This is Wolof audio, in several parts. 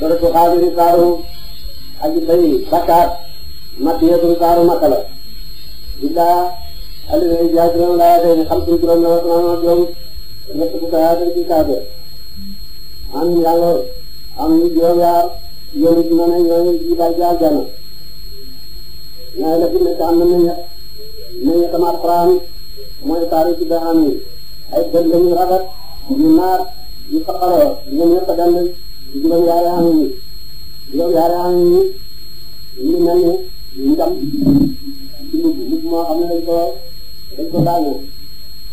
dara ko xaadiri saaru aji bay bakkaat matiyatu saaru makala billa alladhi jaazana la yaadani xamsu juróom la wasnaa juróom ñett bu ko yaadani ci kaabe am yàlla am ni juróom yaar yoonu ci mën a ñooñu ci bal jaar jana ñaay la fi nekk am na meññet meññet am alxuraan mooy saaru ci ba am ni ay bët lañu rafet yu naat yu faqaroo ñoom ñëpp a dend juróom yaari am yi juróom yaari am yi ñu ngi mel ni ndam dugub dugub moo xam ne dañ ko dañ ko daane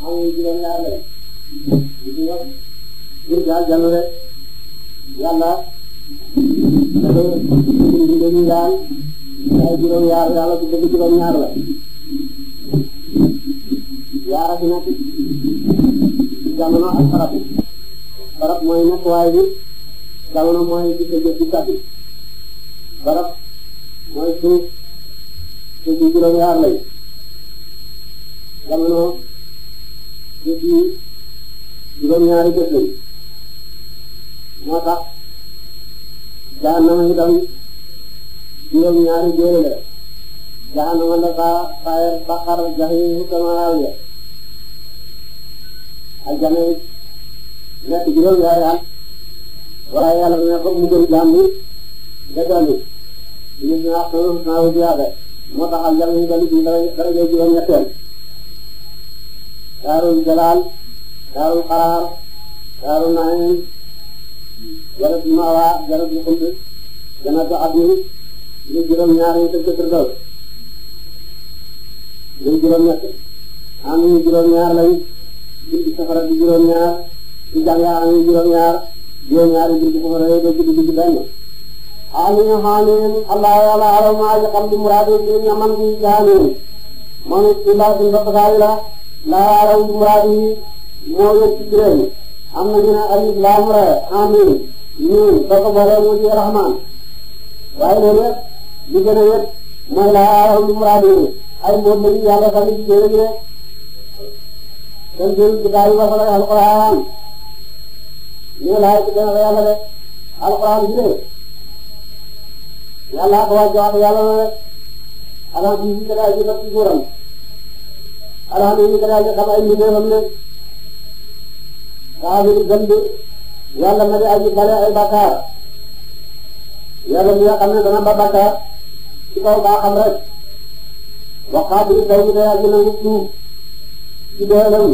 am yi juróom yaari la gis nga pour daal jàll rek yàlla dafa dindi dañuy daal ay juróom yaar yàlla bu bëgg juróom ñaar la yaara bi nag jamono ak xarab xarab mooy nekk waay bi jamono mooy li ko jëf di tàbbi barab mooy suuf suuf yi juróom yaar lañ jamono jëf yi juróom ñaari jëf lañ moo tax jaanama itam juróom ñaari jéere la jaanama la ba fayal baqar jaxiim kamaraaw ya aljana nekk juróom yaari at waaye yàlla na ko mu jël daan bi dëggalu ñu ñaax naa wu jiyaade moo tax ak yàlla ñu dali ci dara jël juróom ñetteel daarul jalaal daarul xaraar daarul naim jarab mawa jarab yu xunt janatu adni ñu juróom ñaar ñu tëj ko daw ñu juróom ñett am ñu juróom ñaar lañ ñaar juróom-ñaari guddi bu ko rëy ba guddi guddi benn allah yàlla alam aji xam di muraadu di na man di jaanin moom it ci laa suñ bapakaay la laa alam di muraadu yi moo yëg ci juróom am na ñu ne alif laam ra amin mu di rahman waaye li gën a yëpp laa alam di muraadu ay moom la ñu yàlla ci juróom yi rek dañ jël ci daal ba fa ñu laaj ci kenn yàlla de alxuraan bi de yàlla ko wàcce yàlla na alxam bi ñu gënaay ji ci góoram alxam bi ñu gënaay ji xam ay mbindeefam ne saa bi gëm bi yàlla na di aji bale ay bakkaar yàlla mi nga xam ne dana ba bakkaar ci kaw baa xam rek waxaat bi taw bi day aji nangu tuub ci doole wu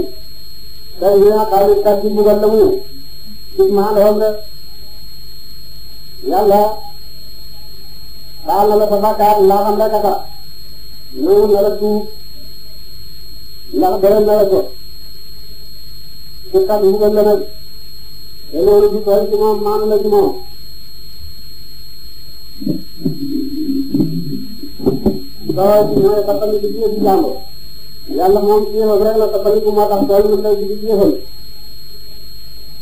tey bi nga xam ne kat ci mbugal la maandoom rek yàlla baal na rek a la tuub ndax gërëm na la ko su kat mbugal la nag te loolu du tooy ci moom maanu la ci moom tooy ci mooy tappali ci jëf ci jàmbur yàlla moom ci jëfam rek la tappali ku moo tax tooy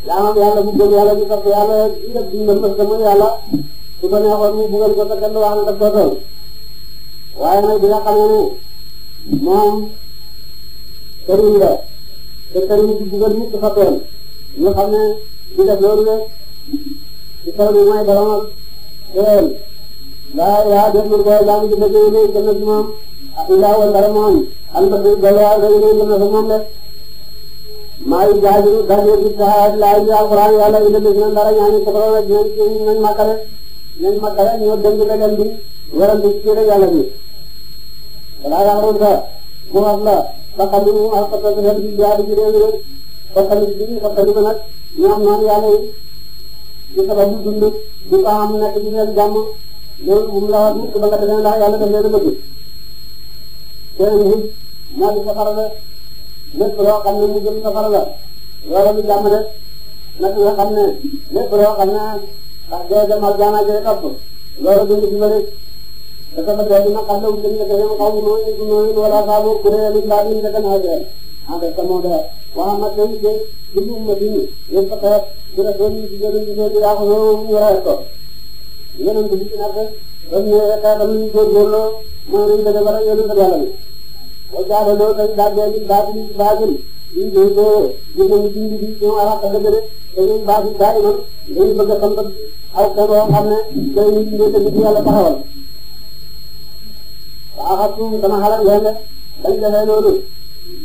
jaamam yàlla bu gëm yàlla bu sax yàlla di def di mën a gëm yàlla su ko neexoon bugal ko te kenn wax na daf ko tooñ waaye nag bi nga xam ne moom la te sëriñ bugal nit dafa tooñ ñu ne di def loolu la ci kaw teel daa yaa def na koy daa ngi bëgg a yéene gën a ci moom ah Ibrahima dara moom maa ngi jaajëf jaajëf bi saa laaj bi alxuraan yàlla indi leen ñoom dara ñaari soxla na ñoom ñoom ñoom makale ñoom makale ñoo dëng la leen di waral ci yàlla yaa la ba xam ne moom ak sa sa bi jaadu ci réew mi ba tamit bi sababu dund di ko am nekk ci seen jàmm loolu moom la wax mukk ba nga defee ndax yàlla daf leen a bëgg. seen nit moo di ko faral lépp loo xam ne mu jëm safara la loolu lu jàmm rek nag nga xam ne lépp loo xam ne wax dëgg yàlla jaanaat yi topp loolu dund bi la rek dafa fa teel dina xam ne mu jëm la gën a xaw ma nooy nooy wala saabu kuréel yi mbaa yi njëkk naa jël en fait moo dara waaw ma tey de bu ñu ma dindi yéen fa xeet bu la doon ñu jigéen ñu jigéen yaa ko ñëw ñu raay ko yeneen bi ci nag ba ñu ñëwee xeetam ñu góorgóorloo mooy dañ ko defal ak yeneen sa yàlla bi وجعل له سيدا بين باطل باطل ñu ngi koy jëlee ñu ngi ci ñoom àll ba gën a dañuy baax di baax itam dañuy bëgg a sant aw sa loo xam ne day ñu tuddee tamit yàlla taxawal. waaw xam suuf dama xalaat leen rek bañ defee loolu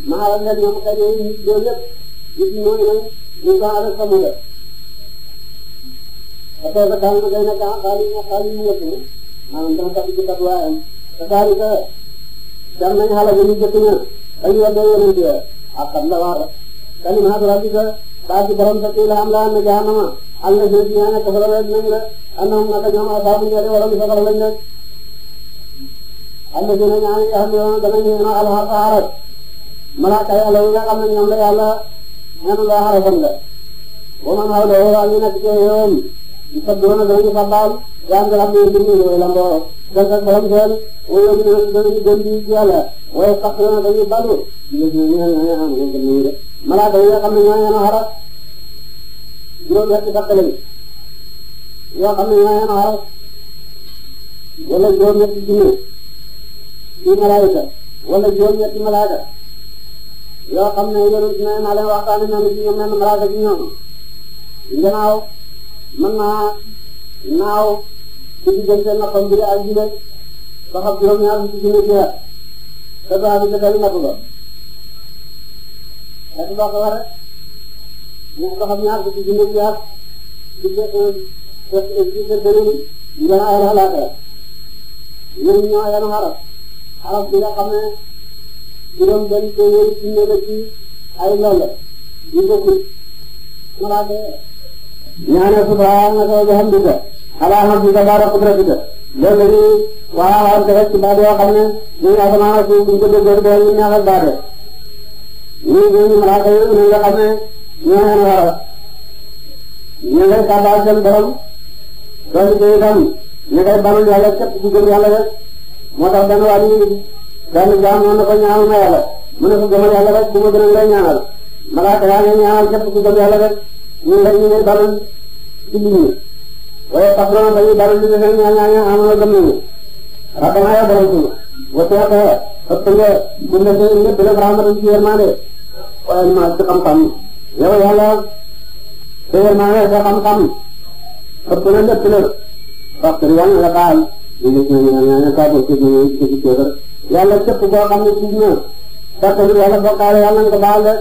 ma xalaat leen ñoom xëy na ñu ngi koy lépp ñu ngi ñëw ñu ngi ko àll sa mën a. parce que daanaka day nekk ah xaalis xaalis mu nekk maanaam dama tax a jënd ak waayam te xaalis dem nañ xale ba ñu jëkk ña dañ weddee yonent ya ak xam la wax kalimaatu rabbika baa ci borom sa kii la am la am na jahannama am na jëf ñaa nekk fala rek nañ la annahum naka ñoom asaabu ñeere wala mu safara lañ nga xam ne yoon danañ ñeena alxaqa arab la yàlla ñeenu la arafan la wa man xawla woo waa ñu nekk ci yoon sabdoona danañu sabbaal yaa nga xam ne yëngu ñu lamboo daga kalam seen wala ñu dañu gën di yàlla waaye sax na dañu balu ñu ñu ñu am ñu gën ñu malaaka yi nga xam ne ñoo yéen a xaras juróom ñetti bakk lañ yoo xam ne ñoo yéen a xaras wala juróom ñetti junne ci malaayika wala juróom ñetti malaaka yoo xam ne yonent ne naa leen waxtaane ñoom ci ñoom ne malaaka ci ñoom gannaaw mën naa naaw ci diggante nappam bi ak ji de ba xam juróom-ñaar fukki junni ci weer te baax bi dafay napp ba dafa baax a war a ñaar ba xam ñaar fukki junni ci weer di ko di ñu gën a ayoon xalaatee ñun ñoo ayoon xaraf xaraf bi nga xam ne juróom benn téeméeri junni la ci ay loolu yu bokkul malaaka ñaane subhaanaka wa bihamdika alhamdu tabaara qudratika loolu la ñuy waxaat rek ci baat yoo xam ne ñun asamaan ak suuf bu ñu ko déggee daal ñu neexal baate ñun ñooñu malaaka yi ñu nga xam ne ñoo leen war a ñu ngay kàllaal seen borom loolu ci itam ñu ngay banal yàlla képp ku gëm yàlla rek moo tax benn waa ji benn jaam noonu ko ñaanal ma yàlla mu ne ko gëmal yàlla rek bu ma gën a ngay ñaanal malaaka yaa ngi ñaanal ku gëm yàlla rek ñun rek ñu ngay banal ci nit ñi waaye sax dama bañ a baal ñu defee ñaar ñaar ñaar am na gëm nañu rabbana ya borom suñu wacce ko ëpp nga bind si ñëpp dina rahmatan ci yërmande waaye ma ci xam-xam yow yàlla sa yërmande sa xam-xam ëpp na lépp la wax dëgg yàlla nga baal ñu ngi ci ñaar ñaar ñaar kàddu ci ñu ci ci cëbar yàlla képp koo xam ne ci ñu sax dëgg yàlla bokkaale yàlla nga baal de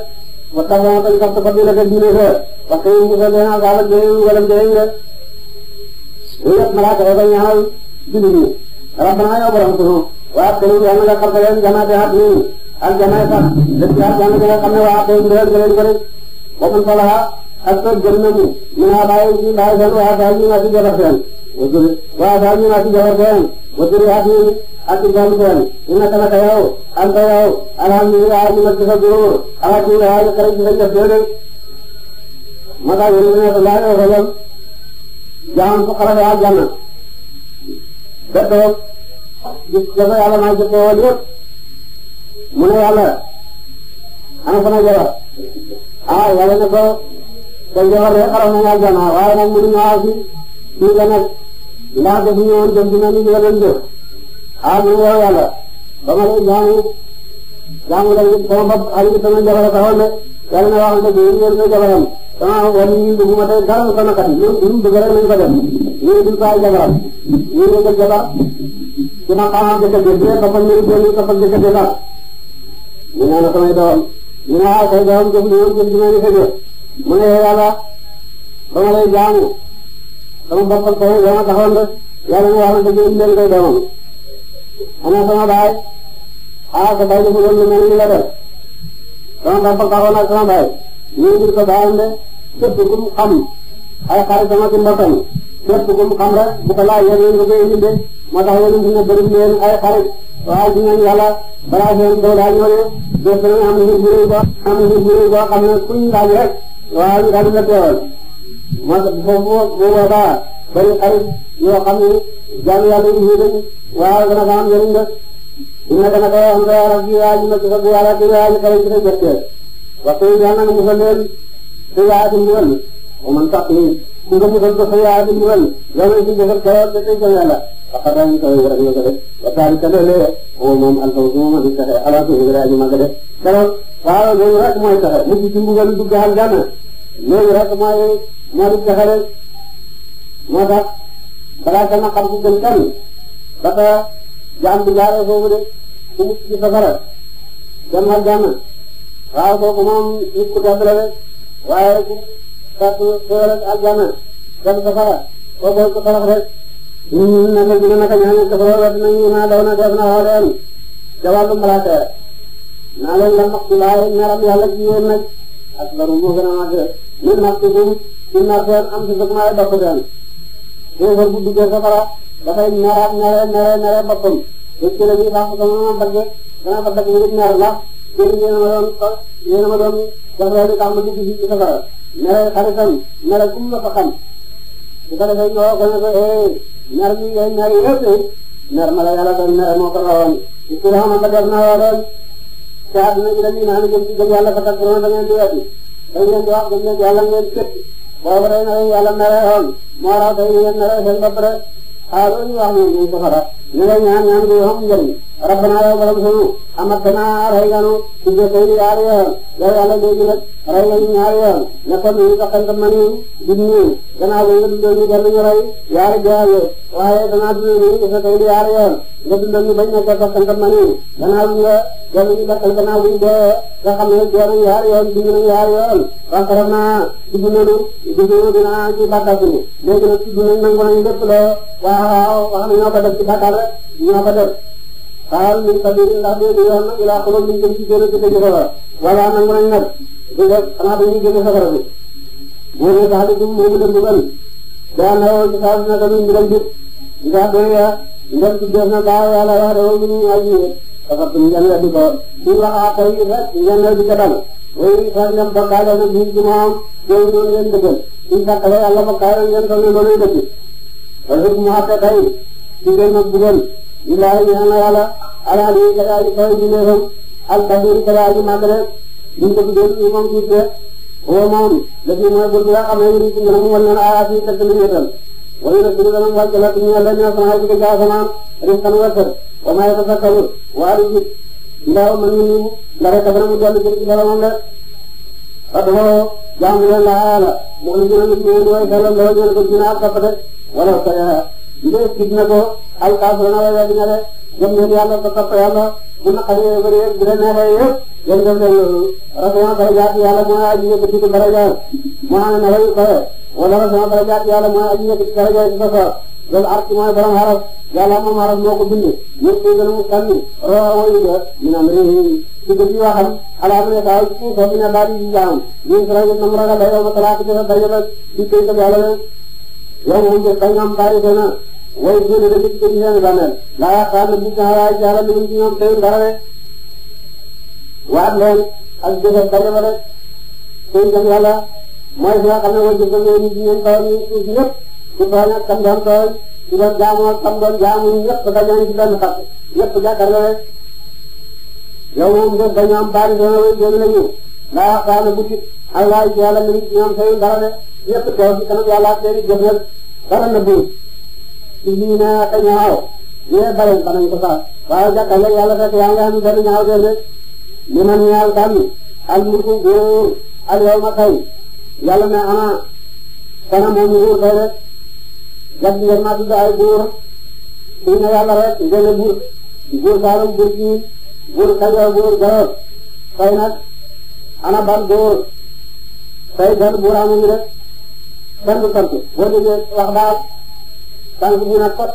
wa tabaxal ko ko bi la ko diine ko wax dëgg ñu ko dina baal ak ñu wala jëriñ la wéet malaaka ya ba ñaanal jullit ñi rabbana yow borom sunu waa këlu yàlla nga xam ne leen jamaate at nii ak jamaay sax lépp yaa yàlla nga xam ne waa këlu ndéel nga leen ko rek bokkul fa laa ak soo jëm nañu ñu naa bàyyi ñu bàyyi seen waa saa ñu naa si jabar seen waa saa ñu naa si jabar seen wa jëri at nii ak jaam seen ñu nekk naka yow anta yow alhamdulilah ñu nekk sa góor alhamdulilah ñu xarit ñu nekk sa déedéet ma kaa yéen ñu nekk laa yoo jaxam su xarale aljanna ba toog maa jëkkee woon mu ne yàlla ana sama jabar ah yàlla ne sa jabar de xaral nañu waaye nag mënuñu waaw si fii nga nekk ndax dafa ñëwoon jëm dina ni ñu leen mu ne yow ba ma lay ñaan jaamu la sama bopp Aliou sama jabar taxawal ne yàlla na waxal dëgg yéen wër na jabaram sama wàllu yi bëgguma tey dara sama kat ñoom ñun bëgg rek nañu ko def yéen duñ ko ay jabaram yéen a ko jabar ci ma xamaa jëkkër jëkkër ana sama baay aa sa baay dafa doon lu mel ni la def sama baay fa kaaroon ak sama baay ñu ngi ko baayam de képp ay xaritam ak mbokkam képp ku mu xam rek bu ko laaj yéen yéen nga koy moo tax yéen ñu bëri leen ay xarit waaye dinañ yàlla balaa seen dow daa ñëwee bés dinañ am ngir bu rëy boo am ngir bu rëy boo laaj rek waaye ñu daal di teewal moo tax foofu bu yoo xam ne jaamu yàlla yi ñu waaye dana ko am njëriñ de inna dama koy wax nga rabbi yaa ñu nekk rabbi yaa rabbi yaa ñu xale ci sa jëkkër waxtu yi yàlla na musal leen sa yaa di ndigal wa man sax ni ku nga musal ko sa yaa di ndigal loolu ci defal keroog da koy jëm yàlla faqat dañu koy war ñu ko def wa taalika loole o moom alfaw su moom ak saxe alaatu ñu raa ñu mag def keroog waaw loolu rek mooy saxe mujj ci mbugal dugg xal gànna loolu rek mooy moo di saxe rek moo tax balaa sama xam ci gën kan ba ko jaam bi jaaree foofu de dugg ci safara dem aljana waaw kooku moom nit ku gàtt la rek waaye ku gàtt xéewal ak aljana safara kooku ku torox rek ñun naka dina safara war nañu naa daw na def na xaw leen ca wàllu naa la max laay ñaram ci yéen nag ak baru moo gën a màgg ci suuf ñu nax seen am si sëg maay bokk seen xéewal bu duggee safara dafay ñaraat ñare léegi ci la ñuy baax ba mu bëgg dana ko bëgg ngir mer ndax yéen yéen a ma doon ko yéen a ma doon def loolu tax ma dugg ci safara mere xaritam mere kum la fa xam su ko defee ñoo ko ne ko eh mer mi ngay mer yëpp mer ma la yàlla doon mer moo ko rawoon ci ci xam nga def naa doon te àdduna bi dañuy naan jëm ci gëm yàlla fa tax da ngeen di wetti dañ leen di wax gëm leen yàlla ngeen képp boobu day na yàlla mere woon moo raw tey yéen mere seen bopp rek xaaral ñu wax ñu safara ñu ngi ñaan ñaan gu am njëriñ rabbana yow borom sunu amatana rey nga nu ci jëfee ñaari yoon yow yàlla léegi nag rey nga ñu ñaari yoon nekkoon nañu sa xel man yi di ñu gannaaw ba nga dundal ñu dellu ñu rey yaari jooge waaye danaa dundal ñu ci sa tey yaari yoon nga dundal ñu bañ nekkoon sa xel man yi gannaaw bi nga dellu ñu sa xel gannaaw bi ñu dee nga xam ne dee nañ yaari yoon dund nañ yaari yoon wax dëgg naa dugg nañu dugg nañu dinaa ci bàkkaar bi léegi nag dugg nañ nangu nañ lépp loo waaw waaw wax nañoo ko def ci bàkkaar ñoo ko def xaal min sabili ndax dee yoon na ilaa xulub ñu jëm ci génn ci dëgg safara wala nangu nañ nag du def xanaa dañuy génn safara bi a ne sax di dum moomu dem dugal daa nawoo ci saa na ka min mbiram jub ndax dee ci def na baaw yàlla wax de woon ñu ay yiwe safartum ngeen weddi ko suñ wax a na biir ci moom yooyu doon ngeen dëggal suñ ngeen toll ne loolu dëgg wala mu xatte tey digal nag digal illaahi ñaan na yàlla alaali yi ka daal di kawe ji neefam al basir ka daal di màgg rek buñ ko tuddee ñu moom tuuti rek woo moom la fi mooy bul bi nga xam ne yuri wal na yi tëgg na ñeetal wala nag dina dama wàcc wa may ko sakkalu waa di jib man ñu ñu ndare ka mu dolli ci boromam rek fatoo jaamu leen la yàlla mu ngi gën a nit ñi way sallam la wajal ko dina ak wala sa léegi gis na ko alkaafiruuna way weddi na de gëm leen yàlla ba topp yàlla bu naqaree yooyu bëri yëpp bu leen neexee yëpp yéen def leen loolu rasama darajaat yàlla mooy aji yëkkati ko daraja moo xam ne na way kawe wala rasama darajaat yàlla mooy aji yëkkati daraja ci sasa loolu arti mooy borom xaraf yàlla moom xaraf moo ko bind ñun ci gën a mu sànni roo wayu la min amri ci gën waxam ala ne daaw ci suuf bi ne daal di jaam ñun su rajo nam ragal la yow ma talaata ci sa daje la ci kay ko yàlla la yow moom de bañ am bari ko na way génn na nit ñi ñëw bàmmeel laa xaana nit ñi xalaat yàlla lu ñu ñoom tey dara rek waat leen ak jëfam dara ba rek tey jëm yàlla mooy fi nga xam ne mooy jëfam ne nit ñi ñoom tawal ñu suuf ñëpp su tooñ ak kam doon tooñ su doon jaamu ak kam doon jaamu ñëpp dañoo ci benn xar ñëpp jàkkaarloo rek yow moom def dañoo am baari doon way génn la ñu laa xaana bu ci xalaat yàlla lu ñu ñoom tey dara rek ñëpp toog ci kanam yàlla ak seen i jëf rek dara na buur lii naa ko ñaaw ñee baloon ba nañ ko sax waaye jàkkaarloo yàlla fekk yaa ngi am benn ñaaw def rek li man ñaaw al mulku góor al yow ma tey yàlla ana kana moom nguur tey rek jàpp ngeen ma tudd góor suy na yàlla rek ngeen buur buur saalum buur kii buur kajoor buur jolof tey ana ban góor tey benn buur amuñu rek benn sant boo déggee wax daal sànq ñu naan kot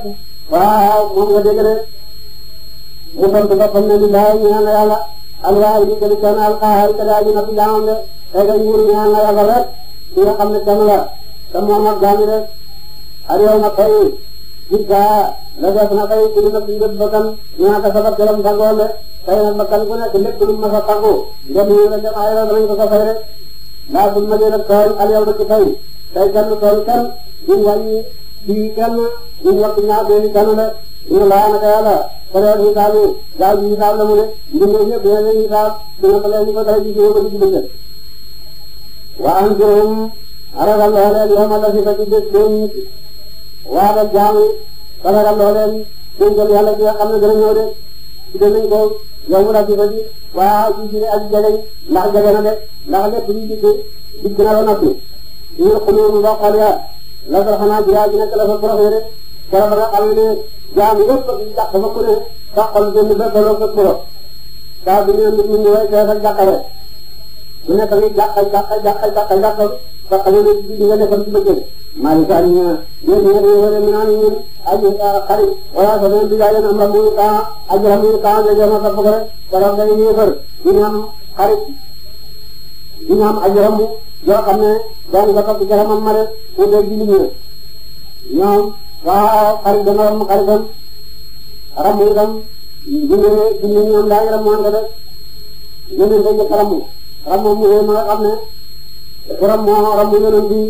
waaw moom nga dégg rek mu tontu boppam ne li baax ñu naan yàlla alwaay ñu gën a sonn alxaar te daal ñu natt jaamam de tey kay nguur ñu naan la yàlla rek ñu nga xam ne la te moom ak gaami rek ak yow nag koy la def na koy ci li nga bakkan ñu naan ko sabab jëlam tàngoor de tey nag bakkan ku nekk lu mu mës a tàngu ngeen ñu la dem ay yoon danañ ko ko fay rek ci kenn ñu ñor ñaar benn kenn la ñu laa naka yàlla période yu taal yi daaw ji taal la mu ne mbindee ñëpp dina leen ñu taal dina ko leen ñu ko dara ji ko di ci bëccëg waa am juróom aragal loo leen yoo ma la si fekk bés doon nit waa dal jaamu aragal loo leen dëngal yàlla ci nga xam ne dana ñëw de ci danañ ko yow mu la si fekk waa ji ci ne aji jageñ ndax jage na de ndax lépp ñu digg digg na ba noppi ñu xulóomu ba xol ya la ko xanaa jiyaay bi nekk la fa proxee rek keroog nga xam ne jaam yëpp dàq ba ku ba baloo ko kuro saa bi ñëw nit ñi way teew ak jàqale bu nekk ni jàqal jàqal jàqal jàqal jàqal ba xam ne di nga defal ci bëgg maalika ñu ñëw ñëw ñëw wala ñu naan ñun aji xari wala sa doon di daaleen am rabbu ka aji rabbu ka nga jëm sa bëgg rek fër ñu am xarit ñu yoo xam ne daan nga toog jaramam ma rek pour dégg li ñëw ñoom waa xarit dana ram xaritam ramu itam dindi dindi ñoom daañu ramoon nga def yónnee dañ ko ramu ramu mu wéy ma nga xam ne ku ramu ramu yónnee bi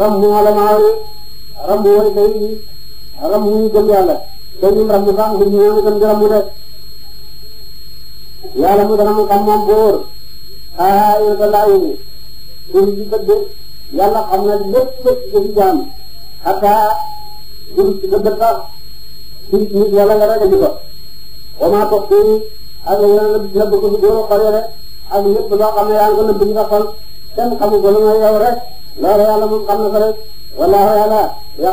ramu alamaari ramu wari day bi ramu ñu gëm yàlla te ñun ramu sax nit ñi ñoo gëm di ramu de yàlla mu dana mu xam moom bu wóor ah yéen a laajee pour ñu bëgg yàlla xam na lépp lépp dañu jaam xataa pour ñu bëgg sax pour nit yàlla nga ragal ñu ko. wa maa toog a xoree rek ak lépp loo xam ne yaa ngi ko nëbb ñu ko xol kenn na ko rek wallaahi yàlla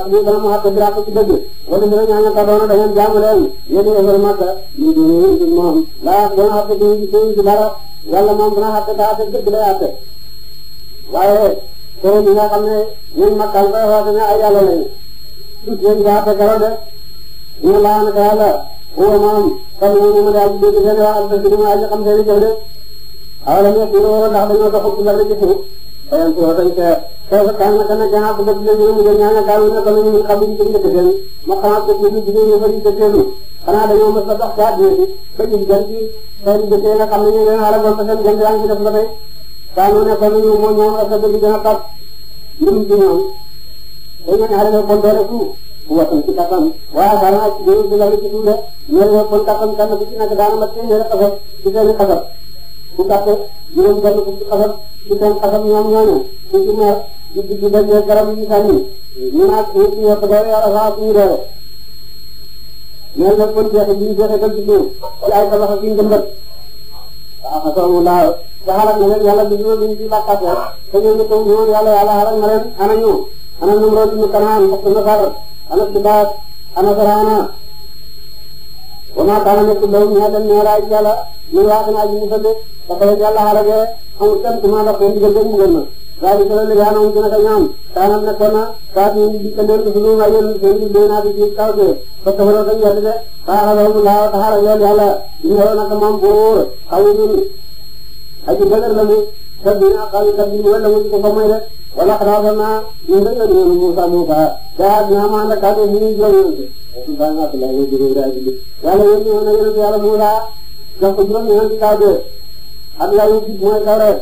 bi dana mu xàtte bi ràq ci dëgg wala dina ñaan ka doona da ngeen jaamu leen yéen a ngi leen màkk lii di moom laa gën yàlla moom dina xaar te daa te dëgg la yaate waaye tey bi nga xam ne ñun makkaan koy xoote ne ay yàlla lañu suuf yéen daa te garab de ñu laa naka yàlla huwa moom comme ni mu daal di dégg seen wax ak dëgg mu aji xam seen i jëf de xawala ñu fi woo ndax dañoo doxul ci bari ci suuf dañu ko dañ ko xew kan naka na jàng ko bëgg leen ñu mu ñaan ak daal ñu ko ñu xam ñu ci ndëkk seen ma xanaa dañoo mës a dox ci àdduna bi ba gis jant yi xëy na jëkkee nga xam ne ñu leen xaaral ba seen jant yaa ngi ci def ba tey daanoo nekkoon nañu moo ñoom ak sa bëgg gën a xat ñun ci ñoom dañu leen xaaral bon doole fu waxuñ ci kattan ñoom ñu lay ci dundee ñoom ñoo bon a xasab ci seen i ku yi ñu sànni ñu naag ñu ci yokk doole ñoom nag man jeexit bi ñu joxe ba juddoo ci ay tabax ak yu jëmbat waaw asalaamaaleykum te xalaat na leen yàlla dugg na duñ ci bàqaatee te ñoom ñu ko wóor yàlla yàlla xalaat na leen ana ñu ana ñoom loolu ñu kanaan parce que ana sibaat ana sarana wa maa kaana nekk loolu ñu dem ñu mu fële ba pare yàlla xalaatee amul kenn ku ma ndax seen diggante mu waaye bi solo liggéey amoon gën a ko ñoom taanam nekkoon na saat ñu di ko dénk suñu ay yoon seen di déy naa di ci kaw gi ba kafaroo ko jël de faaxaloomu laa taxara yoon yàlla ñëw na ko moom buur xaw ñu aji dëgër la mu kat bi naa xaw kat bi wala mu ko fa may rek wala xalaat naa ñu ngi la ñu Musa Musa daa ñu amaan la kaddu ñu jël ñu ba nga ko la ñu jël daa ji yàlla yéen ñu na yéen yàlla Musa jox ko juróom ñeent kaddu ak la ñu mooy kaw rek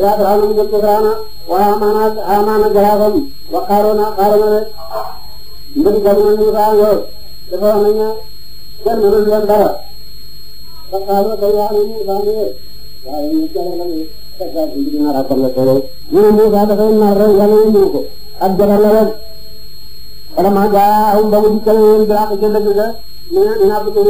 yaa taxaw na mu jëm ca Firawna waaye amaana amaana garaafam wa xaaroona xaaroona rek mbënd gàddu na ñu dafa wax nañ ne kenn mënul leen dara ba xaaroo kay wax nañ ñu faa ngóor waaye ñu jëlee la ñu taggaat bi dina rakkal la ko ñu ne ñu faa dafay nar rek yàlla ñu ko ak jabar la rek mu dikkal leen dara ko jënd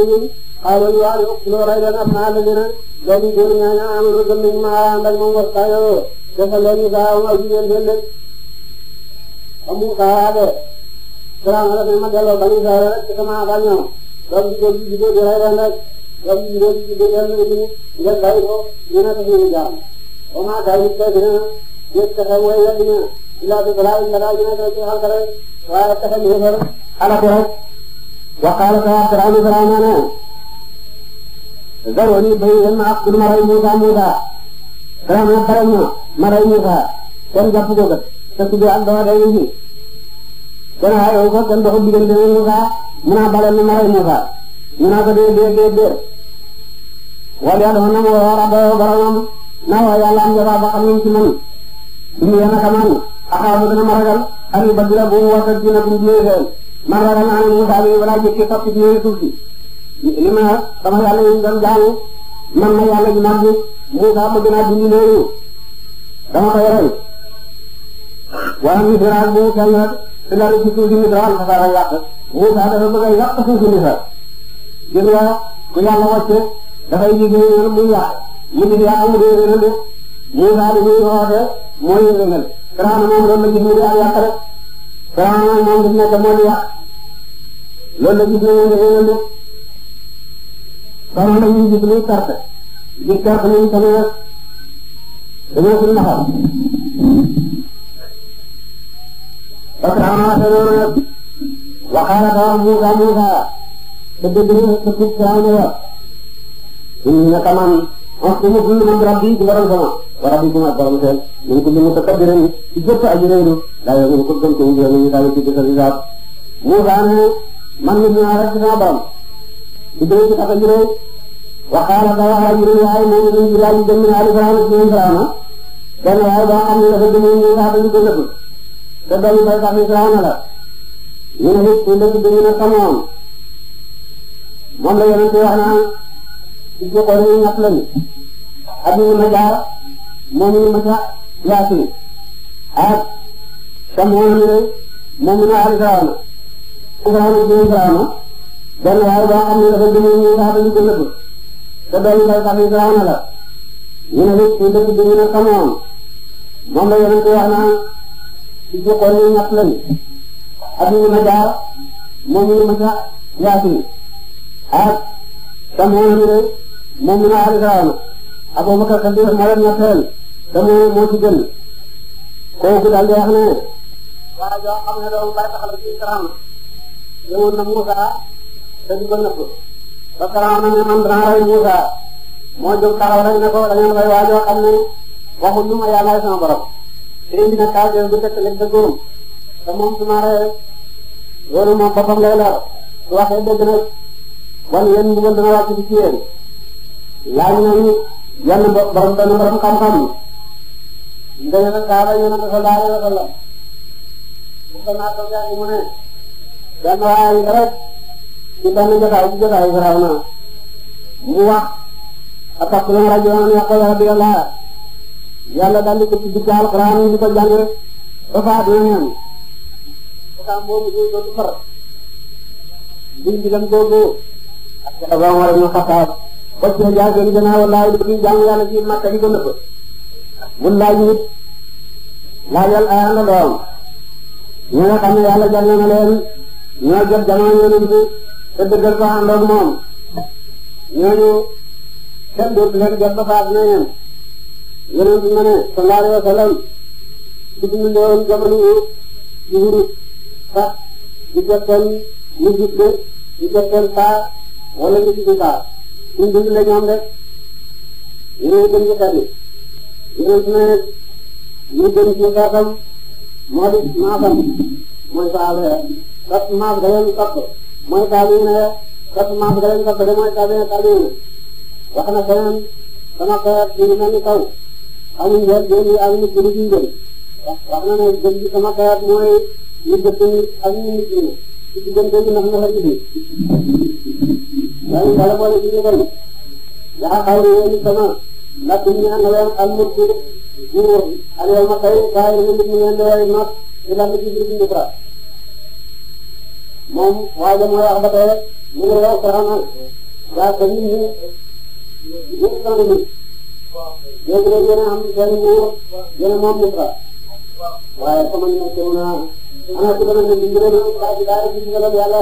bi xaaral waaw yow loo rey leen am naa la gën a loolu góor ñaa ñaa am na gën nañu maa ànd ak moom waxtaan yoo dafa leen ñu saa am ak jigéen seen lépp amul xaaral salaamaaleykum ma delloo ba ñu saa rek ci sama ak ñoom loolu jigéen bi jigéen bi rey leen rek loolu jigéen bi jigéen yàlla na ñu ngeen bàyyi ko ñu nekk suñu jaam ba maa kaa ñu teg na ñu texe mooy yàgg na ilaa bi balaa ñu balaa ñu nekk ci xankare waaye texe ñu xër ala ko rek waxaale ko ak salaamaaleykum zaroni ba yéen a ak ma rey Moussa Moussa vraiment pare na ma rey Moussa kenn jàpp ko kat te su dee ak dawal day ngi kon xaaral yow ko kenn doxul diggante ne Moussa mun a bale ma rey Moussa mun a ko dee dee dee dee wala yàlla na ma war a doyoo boromam na waa yàlla am jaraa ba xam nañ ci man duñu yéen a xamaan axaabu dana ma ragal ak yu bëgg la bu mu wasa dina bu mu ñëwee man ragal naa ne Moussa bi balaa jëkkee fàttali ñëwee suuf si. li ma sama yàlla yi ñu doon jaamu man ma yàlla ñu naan Moussa ma gën a dindi loolu dama ko yoreel waaye Misra Moussa ñu nag te daal ci suuf si Misra am xasaara yàq Moussa dafa bëgg a yàq suuf si Misra gis nga ku yàlla wàcce dafay liggéey noonu muy yàq mu ngi yàq mu dee réeral de Moussa dañuy woote mooy réeral Firaana moom loolu la gis mu di ay yàq rek Firaana moom gis nekk moo di yàq loolu la gis ne moom di réeral de kon nag ñu gis luy perte li perte ñu tamit nag dañoo ko naxal parce que amaa sa loolu nag waxaala ka wax Muusa Muusa te dëgg ñu sa kub sa am wax ñu ne ka man wax ko mu gën man rabbi ci borom sama wa rabbi ci mat borom seen ñu ko limu takabbiran ci jëpp aji réeru daa yow ñu ko gëm ko ñu ñu daal ci dëgg sa Muusa ne man ñu ñaar ci sama borom di gën di tax a juróom waxaala ba waxaala juróom waaye moom itam juróom jëm na Aliou Faraama ak Moussa Faraama benn waaye ba xam ne dafa jëm ñu nga xam ne gën a fi te doomu bay tax Faraama la ñu ne it ñu dëkk bi ñu ne xamoon moom la yonente wax naan ci ko ñu ñett lañu ak ñu ma jaar moom ñu ma ca yaasin ak Samoon mi moom ñu ne Aliou Faraama Faraama jëm Faraama benn waaye boo xam ne dafa gën a ñëw dafa gën a te doomu day sax Ibrahima la ñu ne lépp dëkk bi ñu ne xamoon moom la yonente wax naan ci jokkoon ñu ñett lañ Abiyu Najaar moom ñu mësa Yaasin ak Samoon bi de moom ñu ne Ali Ibrahima Abubakar Sadiq moo leen ñetteel te moo moo ci gën kooku daal di wax ne waa joo xam ne doomu bay tax la ci Ibrahima yowoon na Muusaa te du ko nëbb ba man danaa rey Muusa moo jóg taxaw rek ne ko da ngeen koy waajoo xam ne waxul lu sama borom sëriñ bi ne kaw jëf bu tëkk lekk dëggoom te ma reyee loolu su waxee dëgg nag wan yéen mbugal dana wàcc ci yéen laaj nañu yenn borom benn borom nga yéen a saaba yéen a ko sallallahu alayhi wa mu ne benn waay rek ci benn jotaay ci jotaayu Firawna mu wax atakuna rajulan yaqulu rabbi Allah yàlla daal di ko ci dikk alquran ñu ko jàng ba faat na ñaan kaam boobu ñu doon far biñ di dem googu ak ca ba war ñu xataat ko ci jaar seen gannaaw wallaay di jàng yàlla ci makka gi ko nëpp wallaay it laajal ay ànd doom ñi nga xam ne yàlla jàng na leen ñoo jot jamono yonent bi te dëggal ko ànd ak moom ñooñu kenn dootu leen jot ba faat na yéen yonent bi ma ne sallallahu alayhi wa sallam dugg mu doon jamono yu wurut sax di jottal mu gis de di jottal saa wala ñu gis saa suñ dund la ñoom rek yéen a gën ci xel yi yonent ma ne ñu gën ci xeetam moo di maasam mooy saa la sax maas da mooy taabiin ya topp maam ga leen topp de mooy taabiin ya taabiin wax na feneen sama xeer ci lu mel ni kaw amuñ jël jël yi amuñ ci lu ciy jël wax na ne jël ji sama xeer mooy ñu jëkk ñi ak ñu nit ñi ci diggante bi ndax nafa ji waaye dara boole ci ñu dem yaa xaw yéen sama ndax ñu ànd leen ak murti ñu al yow ma kay kaay ñu nit ñi ngeen doy not ci lan ci biir bi moom waaye ba mu wax ba tey rek mu ngi wax Alxuraan waaw te nit ñi ñëpp xam nañu léegi nag yéen a am seen nguur yéen a moom Misra waaye sama nekk naa ana ci beneen bi ñu gën a ñëw parce que daal di ci gën a yàlla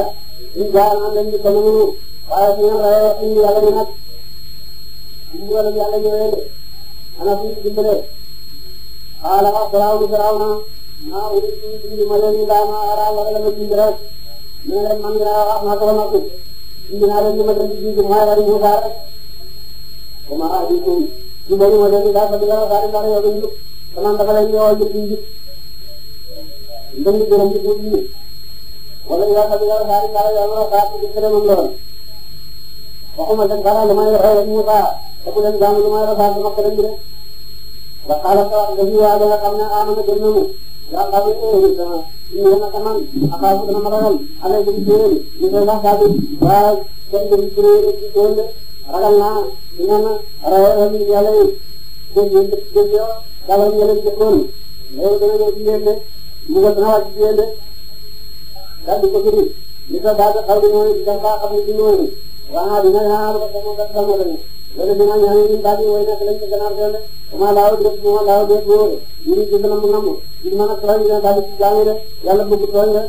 ñu jaar naan leen di ko nangu waaye su ñu waxee indi yàlla bi nag indi yàlla bi yàlla ñëwee ana fi ñu dimbalee xaaral ak Firawna Firawna naa wuti ci indi ma leen ñu daal ma araam wala ma dimbalee ñu ne man dinaa wax naa ko ba noppi dinaa leen di ma dem ci jiitu mooy wàllu Moussa rek ba ma ah di ko di bëri ma leen di daal ba di la waxaat daal yow dañu xanaa dafa leen ñëwaat jot ñu jub ndëm bi gërëm ci tuuti ñu wala yow ba di la waxaat daal yow ma waxaat ci kërëm am lool waxuma leen dara lu may waxee rek Moussa te ku leen jàng lu may waxaat dama ko dem rek ba xaaral sa wax nga jiwaale nga xam ne ah man a gën na mu waaw xam nga ñu ne ma ka man akaafu dana ma ragal alay bi jëriñ ñu koy wax daal di waaw kenn du ci réer ci góor la ragal naa dina ma ragal yàlla yi dégg nga dégg yow dara ñu leen jëkkoon loolu dana ñëw ci yéen de mu nga dana wàcc ci yéen de daal di ko firi li ko daal di xaw di ñëw di def baa xam ne ci ñëw waaw dina ñaar ba sama gàttal ma loolu gannaaw ñaanal ñu baal ñu woy nekk lañ ci gannaaw doole ma laaw def ma laaw def ma wóore ñu ngi gis namm namm ñu mën a tooñ ne daal ci jaamu de yàlla bëgg tooñ de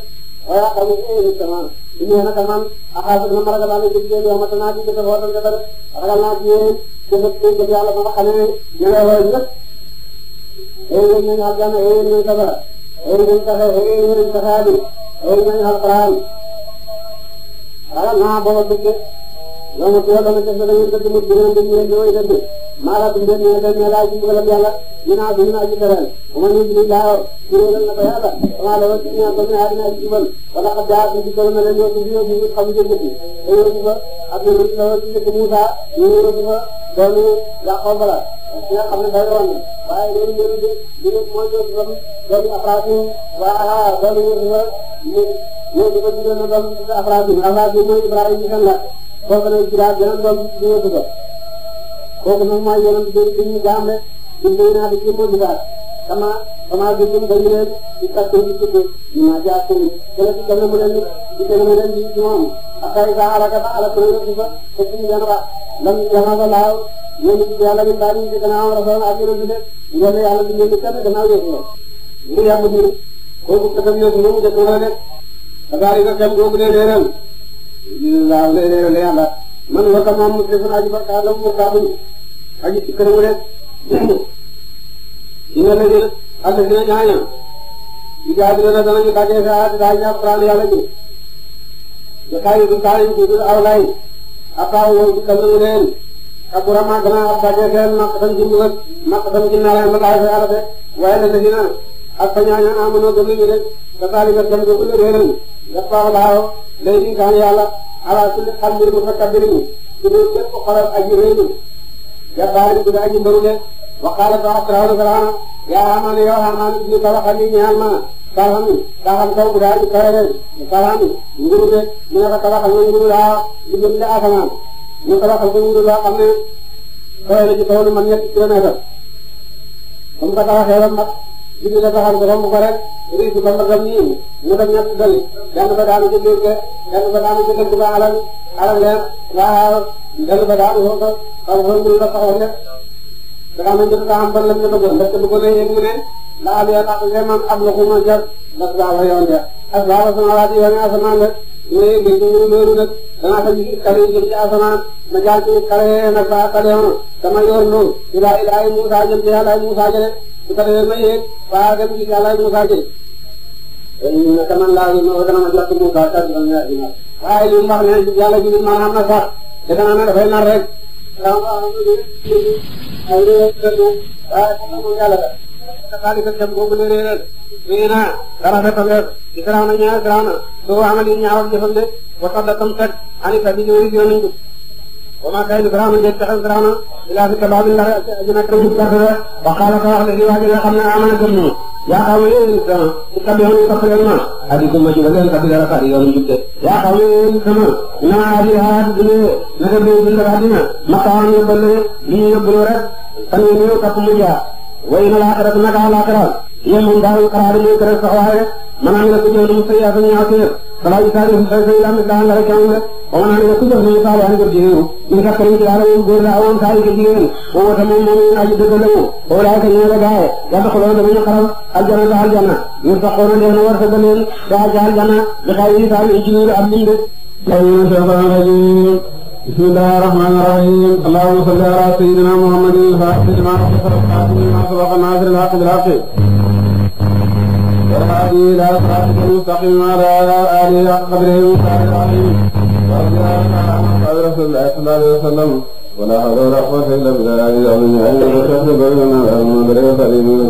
waaye xam nga ci ñu sama ñu ñu naka man axaas na mara daal ci jël yow mata naa ci def ko tan dara ragal naa ci yéen def ko def yàlla ba xamé ñu la woy ñëpp ay ñu ñaan gana ay ñu sabara ay ñu taxé ay ñu taxaali ay ñu alquran ragal naa boo bëgg loolu mooy loolu nag dafa dañuy tëdd mujj dinañ dem ñu leen di woy tëdd maanaam suñu benn yëngal ñu laaj ci mbugalam yàlla ñu naan ñu naan ci terrain bu ma ñu ci daaw ci réeral na ko yàlla xanaa la wala ci ñaan ko ñu naan dinaa ci jubal wala xam daa ci jubal na leen ñoo ci ñoo ci xam jënd ci dañoo ci fa ak ñu la ci nekk Moussa ñu ñëw ci fa doomu Yaaqoob la ki nga xam ne day woon waaye loolu ñëw ci li ñu mooy ñëw ci fa doomu Afraasim waa doomu ñëw ci fa ñu ñëw ci fa ñu doon na doomu Afraasim Afraasim mooy Ibrahima ci kan la kooku nag ci daal gën a doon li nga bëgg a kooku nag mooy yonent bi bi ñu jaam rek ñun dañu naan ci mboolu baat sama sama bi ñu bañ leen di tàtte ci suuf ñu ma jaar suuf te la ci gën a mën a nit ci gën a mën a nit ci moom après ça ala ba lam yama ba laaw ñooñu ci yàlla bi baal ñu ci gannaaw rasul ak yonent bi ñu ne mu jëkk la rek da daal di nga kam googu waaw léeg-léeg yow la yàlla man war na moom mos a aji barka la mu baaxuñu aji ci këram rek dina la jël ak dina ñaaña di jaay dina la danañu dajee saa daa ñaar xuraan yàlla ji de saa yu saa yu dugg aw lay apaaw yow ci këram reen ak bu ramaat gannaaw ab dajee seen naq tam ci mbugal naq tam ci naareen ba laay fa yàlla de waaye nag dina ak kañaaña amoon gëm nañu rek dafa li nga gëm gëm la réeram yàqaaw laaw lay ñu ala kulli xam mu fa kabiriñu ci biir képp xolam aji réeru jàppaari bi aji mbëru de waxaale ba asraawna salaana yaa xamaan yow xamaan ibni tawaxa li ñaan ma saxami saxam kaw bu daal nguru de mu ne ko tabaxal nga nguru laa di jëm ne asamaan man ñetti kilomètre ba mu ko tabaxee ba mat li ñu la romb ko rek riis ba magam yi mu def ñett ba daanu ci biir ke benn ba daanu ci dëkk ba alal alal leen ba daanu foofa xam xool mu la saxoon rek da xam ne dafa am ban lañ la bëggoon parce que bu ko lay asbaara samaawaati yoon asamaan nag mooy li ñu loolu nag damaa ko gis kare jëm ci asamaan ma jaar ci kare nag ba xaleoon sama yor loolu ilaa ilaa Muusaa jëm ci yàlla Muusaa jële su ko defee ma yéeg waa dem ci yàlla Muusaa jële naka man laa ma ko dana ma lakk Muusaa kàddu la ñaari ma waaye li mu wax ne yàlla bi maanaam na sax te dana na dafay nar rek waaw waaw waaye xaalis ak dem googu la réeral réer naa rafetal di garaaw na ñaar garaaw na soo amal yi ñaawal jëfal de wa tax da tam fekk ani ka di ñëwee yoon nañu wa maa kay lu garaaw na jël taxal garaaw na ilaa fi tabax bi ndax dina tënk perte la ba xaaral ko wax léegi waa ji nga xam ne amal gëm ñu sama ci tabi yoon topp leen ma adi ko ma jubal leen tabi dara fari yoon jub de yaa xaw ma yéen sama naa adi xaat bi ne na ko dee dundal àddina ma taxaw ñu bële li ñu yóbbuloo rek fan way na laa xaral naka laa xaral yéen moom daal xaraale mooy keroog sax waaye mën naa ne ku jëf lu mu sëy ak ñaaw téer salaa isaa di xëy sëy lam daa nga rek am rek ba mën naa ne ku jëf lu mu saaloo ngir jigéen ñu sax kariñ ci yàlla moom góor la awoon saa yi ko jigéen boobu tam moom moom aji dëgg la wu boobu laa ko ñëw la gaaye yàlla xuloo dama ñu xaral aljana sa aljana ñu saxoona leen war sa leen sa aljana bi xaw yi saa yi ci ab lim de بسم الله الرحمن الرحيم اللهم صل على سيدنا محمد الفاتح لما سبق الناصر الحق بالحق والهادي الى صراطك المستقيم وعلى اله حق قدره وسائر العظيم ورضي الله رسول الله صلى الله عليه وسلم ولا حول ولا قوة إلا بالله العلي العظيم أن يكفر بيننا وبين المدرسة الإيمان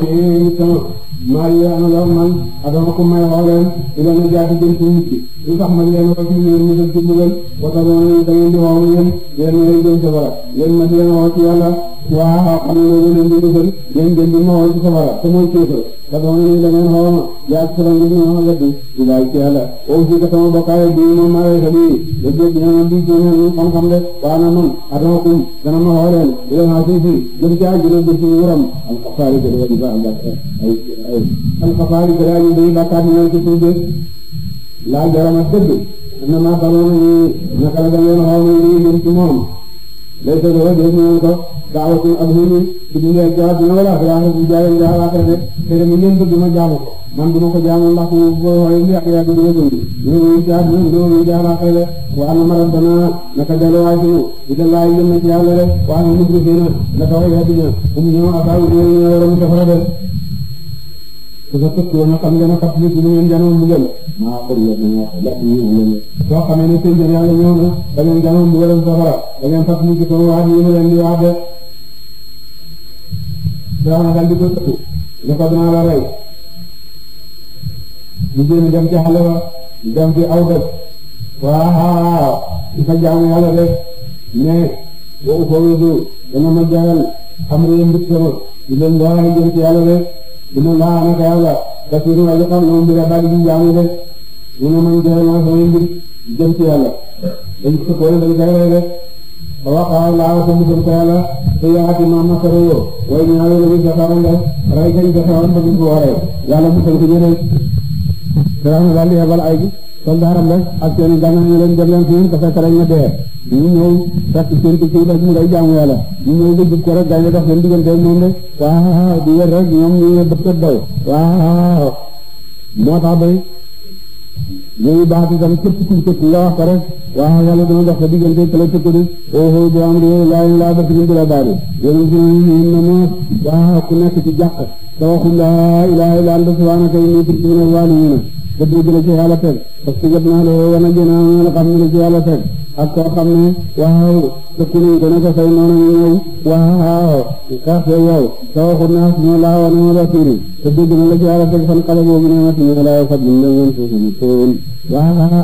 بالله maa ngi leen a man adama ko may woo leen di leen a jaati jëm ci nit ki lu ma leen woo ci yéen ñu def ci dugal wata da ngeen di woo yéen yéen ngeen jëm safara yéen ma leen a ci yàlla waa xam ne leen di dugal yéen ngeen di ma woo ci safara te mooy kéefër te ba mu ne dangeen xaw ma jaag si la ngeen ñëw xam nga du du laaj ci yàlla aussi que sama bokkaay bi moom maa weesu bii le fait que bii ci ñoom xam-xam de waaw na man atamakum ma xaw leen di leen xaw si si jëm ci àgg rek ci wuram alxafaari ko dafa di ba am ay ay alxafaari ko daal day bàkkaat ñëw ci suuf de laaj ma sëgg na maa la da ngeen xaw ma ni jëm moom léegi seen wàllu yëpp ñu ngi ko daaw ak alhamdulilah di ñu leen jaay dina wala ak yàlla bu jaayee nga xam ne te de ñun ñëpp dina jaamu ko man dina ko jaamu ndax bu booy a yàq dina dund ñu ngi jaay ñu ngi a jaay laa xëy na waaye na ma la banaa naka jàllewaay fi mu di la laaj yëngu ci yàlla rek na mujj na naka a mu su ko tëkk ba nga xam ne kat li ñu leen janoon mu gën maa ko yéen ñu wax lépp ñu ngi leen soo xamee ne seen jën yàlla ñëw na da ngeen janoon mu gën safara da ngeen fas ci sama wax di wax ci aw dëkk waaw di fa jaamu yàlla de mais boo ko wéesu dana ma jagal xam nga yéen di leen doon jëm ci yàlla de dina laa nekk yàlla parce que dina joxoon moom bi la bàyyi ji jaamu de ñu ne man joxe naa sama mbir jëm ci yàlla dañ ko koy dañ koy rey rek ba wax waaw laa ko musal ko yàlla te yaati ma ma sore yoo waaye ñu naan lañu joxoon de rey kañ joxoon ba ñu ko waree yàlla musal ko ñu rek dara na daal di yebal ay gi soldaaram la ak seen i gànnaar ñu leen jëm leen fii ba fekk rek nga dee ñu ñëw fekk seen picc yi rek mu ngay jaamu yàlla ñu ñëw nga ko rek gaynde dox seen diggante moom rek waaw di wér ñoom ñu ngi bët daw waaw moo tax bay ñooñu baax itam képp ku képp nga wax ko rek waaw yàlla dama dox sa diggante kële képp di oo bi am réew laay laa ba suñu bila baari yéen si na moo waaw ku nekk ci jàq te waxu laa ilaaha illa anta subhaanaka innii kuntu mina zaalimiin dëgg gi la ci yàlla teg parce que jot naa la wana jënaa la xam ne la ci yàlla teg ak koo xam ne waaw sëkk nañ ko ne ko fay noonu ñu ñëw waaw xaas naas ñoo laa wane ma la la ci fan xale boobu nee na si ñoo laa fab ñu leen